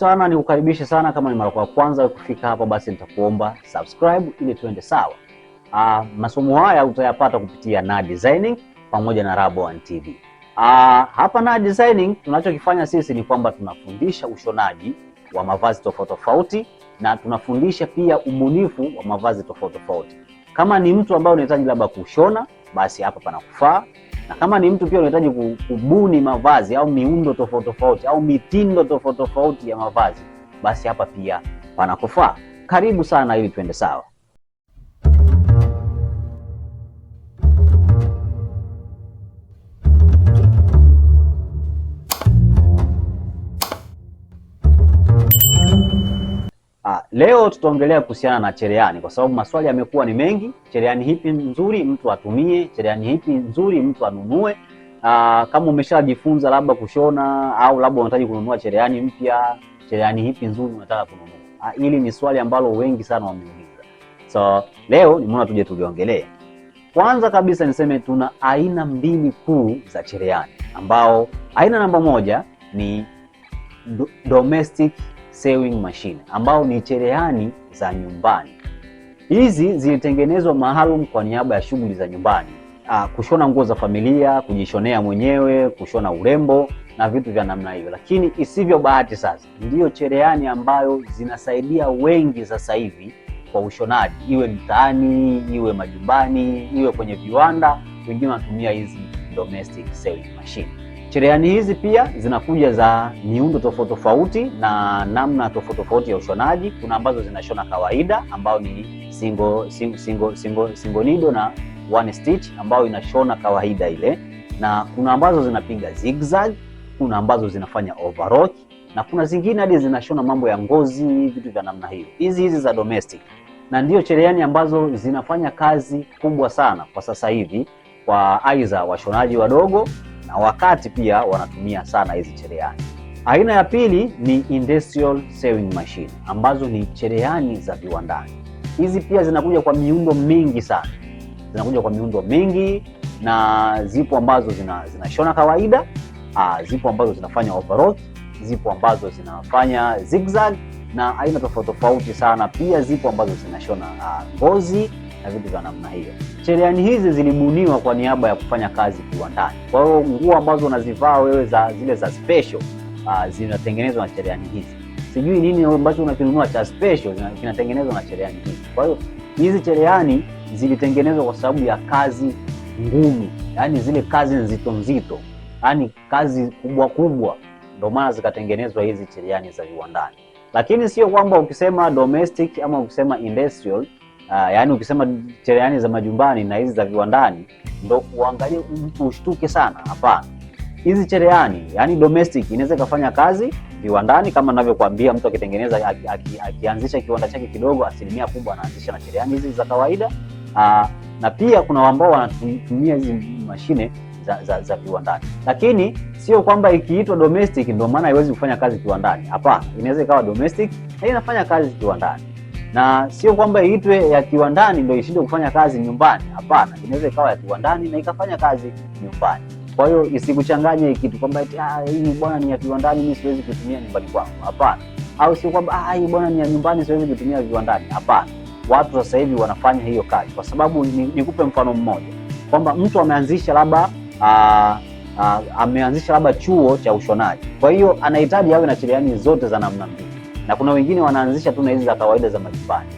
Tana ni sana, kama ni mara kwa kwanza kufika hapa, basi nitakuomba subscribe ili tuende sawa. Uh, masomo haya utayapata kupitia na designing pamoja na Rabaone TV. Uh, ah, hapa na designing tunachokifanya sisi ni kwamba tunafundisha ushonaji wa mavazi tofauti tofauti na tunafundisha pia ubunifu wa mavazi tofauti tofauti. Kama ni mtu ambaye unahitaji labda kushona, basi hapa panakufaa na kama ni mtu pia unahitaji kubuni mavazi au miundo tofauti tofauti au mitindo tofauti tofauti ya mavazi, basi hapa pia panakufaa. Karibu sana ili tuende sawa. Leo tutaongelea kuhusiana na cherehani, kwa sababu maswali yamekuwa ni mengi. Cherehani hipi nzuri mtu atumie? Cherehani hipi nzuri mtu anunue? Aa, ah, kama umeshajifunza labda kushona au labda unahitaji kununua cherehani mpya, cherehani hipi nzuri unataka kununua? Aa, ah, hili ni swali ambalo wengi sana wameuliza, so leo nimeona tuje tuliongelee. Kwanza kabisa niseme tuna aina mbili kuu za cherehani, ambao aina namba moja ni do domestic sewing machine ambao ni cherehani za nyumbani. Hizi zilitengenezwa maalum kwa niaba ya shughuli za nyumbani, aa, ah, kushona nguo za familia, kujishonea mwenyewe, kushona urembo na vitu vya namna hiyo. Lakini isivyo bahati sasa, ndiyo cherehani ambayo zinasaidia wengi sasa hivi kwa ushonaji, iwe mtaani, iwe majumbani, iwe kwenye viwanda, wengine wanatumia hizi domestic sewing machine. Cherehani hizi pia zinakuja za miundo tofauti tofauti na namna tofauti tofauti ya ushonaji. Kuna ambazo zinashona kawaida ambao ni single, single, single, single, single needle na one stitch ambayo inashona kawaida ile, na kuna ambazo zinapiga zigzag, kuna ambazo zinafanya overlock na kuna zingine hadi zinashona mambo ya ngozi, vitu vya namna hiyo, hizi hizi za domestic, na ndio cherehani ambazo zinafanya kazi kubwa sana kwa sasa hivi kwa aidha washonaji wadogo na wakati pia wanatumia sana hizi cherehani. Aina ya pili ni industrial sewing machine ambazo ni cherehani za viwandani. Hizi pia zinakuja kwa miundo mingi sana, zinakuja kwa miundo mingi, na zipo ambazo zina, zinashona kawaida aa, ah, zipo ambazo zinafanya overall, zipo ambazo zinafanya zigzag na aina tofauti tofauti sana. Pia zipo ambazo zinashona ah, ngozi na vitu vya namna hiyo. Cherehani hizi zilibuniwa kwa niaba ya kufanya kazi kiwandani. Kwa hiyo nguo ambazo unazivaa wewe za zile za special uh, zinatengenezwa na cherehani hizi. Sijui nini ambacho unakinunua cha special kinatengenezwa na cherehani hizi. Kwa hiyo hizi cherehani zilitengenezwa kwa sababu ya kazi ngumu, yaani zile kazi nzito nzito, yaani kazi kubwa kubwa, ndio maana zikatengenezwa hizi cherehani za viwandani. Lakini sio kwamba ukisema domestic ama ukisema industrial Ah, yaani ukisema cherehani za majumbani na hizi za viwandani ndo uangalie ushtuke sana, hapana. Hizi cherehani yani domestic inaweza ikafanya kazi viwandani, kama ninavyokuambia, mtu akitengeneza akianzisha aki, aki, akianzisha kiwanda chake kidogo, asilimia kubwa anaanzisha na cherehani hizi za kawaida aa, ah, na pia kuna ambao wanatumia hizi mashine za, za, za viwandani, lakini sio kwamba ikiitwa domestic ndio maana haiwezi kufanya kazi kiwandani. Hapana, inaweza ikawa domestic na inafanya kazi kiwandani na sio kwamba iitwe ya kiwandani ndio ishindwe kufanya kazi nyumbani. Hapana, inaweza ikawa ya kiwandani na ikafanya kazi nyumbani. Kwa hiyo isikuchanganye kitu kwamba ah, hii bwana ni ya kiwandani, mimi siwezi kutumia nyumbani kwangu, hapana. Au sio kwamba ah, hii bwana ni ya nyumbani, siwezi kutumia viwandani, hapana. Watu sasa hivi wanafanya hiyo kazi, kwa sababu nikupe ni mfano mmoja kwamba mtu ameanzisha labda ah, ameanzisha labda chuo cha ushonaji, kwa hiyo anahitaji awe na cherehani zote za namna mbili na kuna wengine wanaanzisha tu na hizi za kawaida za majumbani.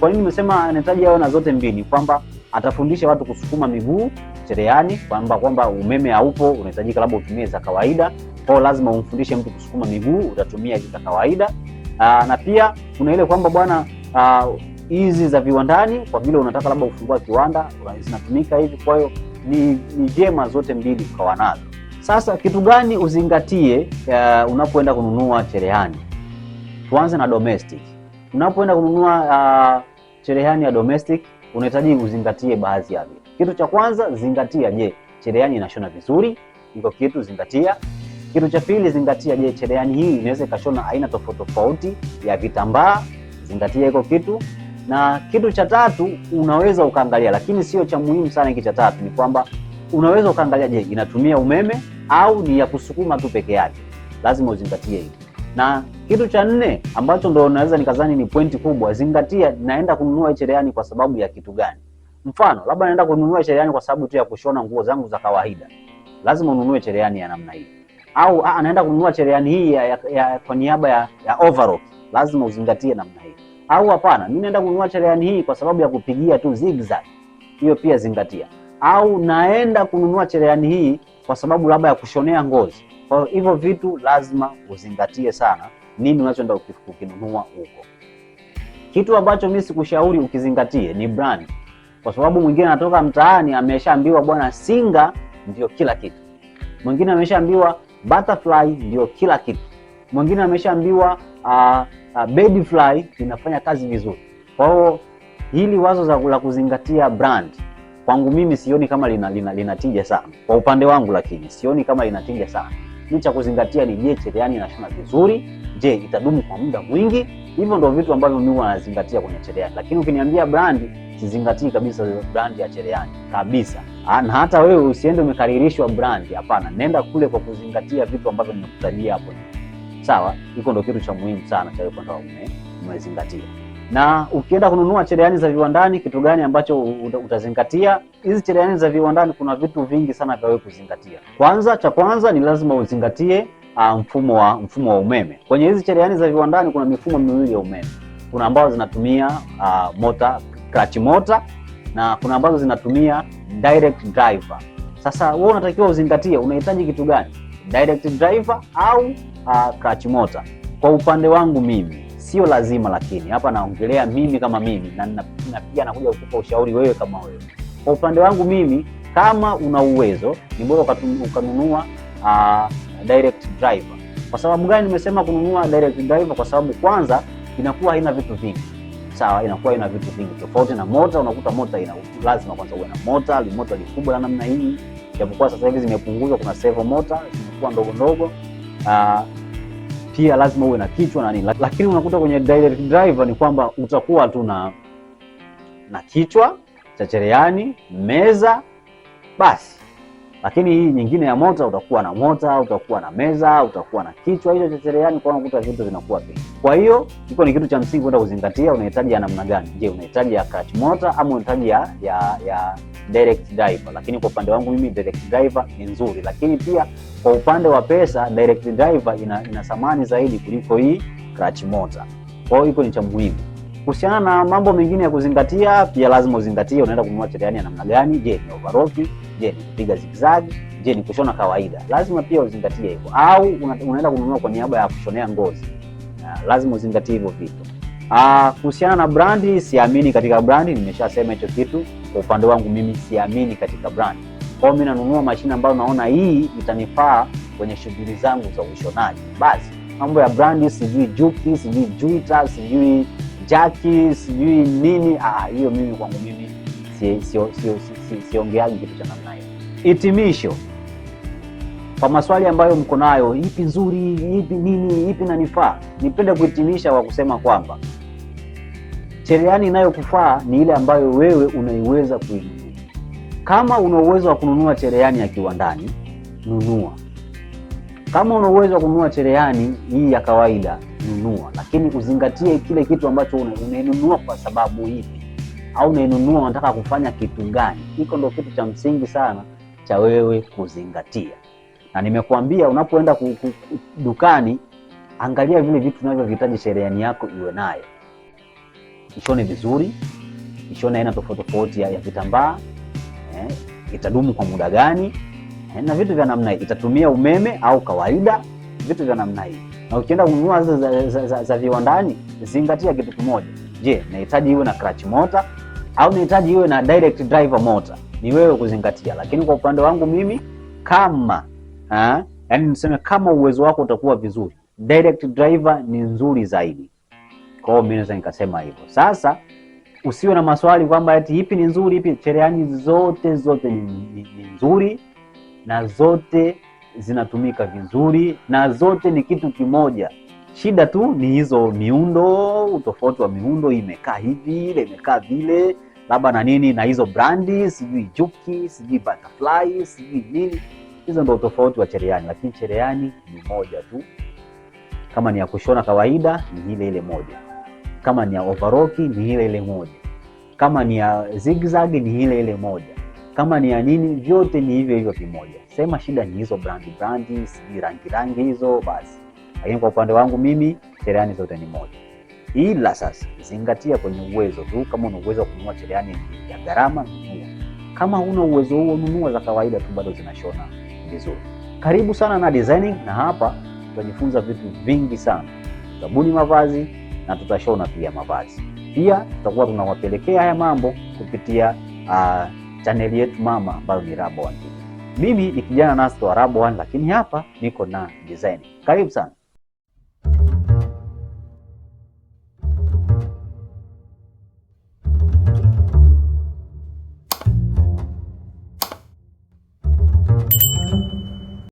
Kwa nini nimesema anahitaji awe na zote mbili, kwamba atafundisha watu kusukuma miguu cherehani, kwamba kwamba umeme haupo unahitajika labda utumie za kawaida, kwa lazima umfundishe mtu kusukuma miguu, utatumia hizi za kawaida. Aa, ah, na pia kuna ile kwamba bwana ah, hizi za viwandani, kwa vile unataka labda ufungua kiwanda, zinatumika hivi. Kwa hiyo ni ni jema zote mbili ukawa nazo. Sasa kitu gani uzingatie, uh, unapoenda kununua cherehani? Tuanze na domestic. Unapoenda kununua uh, cherehani ya domestic unahitaji uzingatie baadhi ya vitu. Kitu cha kwanza zingatia, je, cherehani inashona vizuri? Iko kitu zingatia. Kitu cha pili zingatia, je, cherehani hii inaweza ikashona aina tofauti tofauti ya vitambaa? Zingatia iko kitu. Na kitu cha tatu unaweza ukaangalia, lakini sio cha muhimu sana. Hiki cha tatu ni kwamba unaweza ukaangalia, je, inatumia umeme au ni ya kusukuma tu peke yake? Lazima uzingatie hiyo. Na kitu cha nne ambacho ndo naweza nikazani ni pointi kubwa, zingatia naenda kununua cherehani kwa sababu ya kitu gani. Mfano, labda naenda kununua cherehani kwa sababu tu ya kushona nguo zangu za kawaida, lazima ununue cherehani ya namna hii. Au a, naenda kununua cherehani hii ya, ya, ya, kwa niaba ya, ya overall, lazima uzingatie namna hii. Au hapana, mimi naenda kununua cherehani hii kwa sababu ya kupigia tu zigzag, hiyo pia zingatia. Au naenda kununua cherehani hii kwa sababu labda ya kushonea ngozi kwa hiyo hivyo vitu lazima uzingatie sana nini unachoenda kukinunua huko. Kitu ambacho mimi sikushauri ukizingatie ni brand, kwa sababu mwingine anatoka mtaani ameshaambiwa bwana, Singa ndio kila kitu, mwingine ameshaambiwa Butterfly ndio kila kitu, mwingine ameshaambiwa uh, uh, Babyfly inafanya kazi vizuri. Kwa hiyo hili wazo la kuzingatia brand kwangu mimi sioni kama lina, lina, lina tija sana kwa upande wangu, lakini sioni kama lina tija sana. Lakini cha kuzingatia ni je, cherehani inashona vizuri? Je, itadumu kwa muda mwingi? Hivyo ndio vitu ambavyo mimi wanazingatia nazingatia kwenye cherehani. Lakini ukiniambia brandi, sizingatii kabisa brandi ya cherehani kabisa. Na hata wewe usiende umekaririshwa brandi, hapana. Nenda kule kwa kuzingatia vitu ambavyo nimekutajia hapo. Sawa, hiko ndio kitu cha muhimu sana cha kwenda umezingatia na ukienda kununua cherehani za viwandani, kitu gani ambacho utazingatia? Hizi cherehani za viwandani kuna vitu vingi sana vya wewe kuzingatia. Kwanza, cha kwanza ni lazima uzingatie uh, mfumo wa mfumo wa umeme. Kwenye hizi cherehani za viwandani kuna mifumo miwili ya umeme. Kuna ambazo zinatumia uh, mota clutch mota na kuna ambazo zinatumia direct driver. Sasa wewe unatakiwa uzingatie, unahitaji kitu gani, direct driver au uh, clutch mota. Kwa upande wangu mimi sio lazima, lakini hapa naongelea mimi kama mimi, na na pia nakuja kukupa ushauri wewe kama wewe. Kwa upande wangu mimi, kama una uwezo, ni bora ukanunua uh, direct driver. Kwa sababu gani nimesema kununua direct driver? Kwa sababu kwanza inakuwa haina vitu vingi sawa, inakuwa ina vitu vingi tofauti na mota. Unakuta mota ina lazima kwanza uwe na mota limota likubwa la namna hii, japokuwa sasa hivi zimepunguzwa, kuna servo mota zimekuwa ndogo ndogo. Uh, kuvutia, lazima uwe na kichwa na nini, lakini unakuta kwenye direct driver ni kwamba utakuwa tu na na kichwa cha cherehani, meza basi. Lakini hii nyingine ya mota utakuwa na mota, utakuwa na meza, utakuwa na kichwa hicho cha cherehani, kwa unakuta vitu vinakuwa vingi. Kwa hiyo iko ni kitu cha msingi kwenda kuzingatia, unahitaji ya namna gani? Je, unahitaji ya clutch motor ama unahitaji ya ya, ya direct driver, lakini kwa upande wangu mimi direct driver ni nzuri, lakini pia kwa upande wa pesa direct driver ina, ina thamani zaidi kuliko hii clutch motor. Kwa hiyo iko ni cha muhimu. Kuhusiana na mambo mengine ya kuzingatia, pia lazima uzingatie unaenda kununua cherehani ya namna gani. Je, ni overlock? Je, ni kupiga zigzag? Je, ni kushona kawaida? Lazima pia uzingatie hivyo, au unaenda kununua kwa niaba ya kushonea ngozi. Ah, lazima uzingatie hivyo vitu. Ah, kuhusiana na brandi, siamini katika brandi, nimeshasema hicho kitu. Kwa upande wangu mimi siamini katika brandi, kwa hiyo mimi nanunua mashine ambayo naona hii itanifaa kwenye shughuli zangu za ushonaji. Basi mambo ya brandi, sijui Juki, sijui Juita, sijui Jaki, sijui nini, ah, hiyo mimi kwangu mimi siongeagi kitu cha namna hiyo. Hitimisho kwa maswali ambayo mko nayo, ipi nzuri, ipi nini, ipi nanifaa, nipende kuhitimisha kwa kusema kwamba sheria inayokufaa ni ile ambayo wewe unaiweza kuinunua. Kama una uwezo wa kununua cherehani ya kiwandani, nunua. Kama una uwezo wa kununua cherehani hii ya kawaida, nunua, lakini uzingatie kile kitu ambacho unainunua kwa sababu hivi, au unainunua unataka kufanya kitu gani? Hiko ndo kitu cha msingi sana cha wewe kuzingatia, na nimekuambia unapoenda dukani, angalia vile vitu unavyohitaji cherehani yako iwe nayo ishone vizuri, ishone aina tofauti tofauti ya ya vitambaa eh, itadumu kwa muda gani eh, na vitu vya namna hii, itatumia umeme au kawaida, vitu vya namna hii. Na ukienda kununua za, za, za, za, za viwandani, zingatia kitu kimoja. Je, nahitaji iwe na clutch motor au nahitaji iwe na direct driver motor? Ni wewe kuzingatia, lakini kwa upande wangu mimi kama ha, ah, yani niseme kama uwezo wako utakuwa vizuri, direct driver ni nzuri zaidi. Kwa hiyo mimi naweza nikasema hivyo. Sasa usiwe na maswali kwamba eti ipi ni nzuri, ipi cherehani. Zote zote ni, ni, ni nzuri na zote zinatumika vizuri na zote ni kitu kimoja. Shida tu ni hizo miundo, utofauti wa miundo, imekaa hivi, ile imekaa vile, labda na nini, na hizo brandi, sijui Juki, sijui Butterfly, sijui nini. Hizo ndio utofauti wa cherehani, lakini cherehani ni moja tu. Kama ni ya kushona kawaida, ni ile ile moja. Kama ni ya overlock ni ile ile moja, kama ni ya zigzag ni ile ile moja, kama ni ya nini, vyote ni hivyo hivyo vimoja. Sema shida ni hizo brandi brandi, si rangi rangi hizo basi. Lakini kwa upande wangu mimi cherehani zote ni moja, ila sasa zingatia kwenye uwezo tu. Kama una uwezo wa kununua cherehani ya gharama, nunua. Kama una uwezo huo, nunua za kawaida tu, bado zinashona vizuri. Karibu sana na Designing, na hapa tutajifunza vitu vingi sana, sabuni, mavazi na tutashona pia mavazi. Pia tutakuwa tunawapelekea haya mambo kupitia uh, ah, chaneli yetu mama ambayo ni Rabaone TV. Mimi ni kijana Nasto wa Rabaone, lakini hapa niko na design. Karibu sana.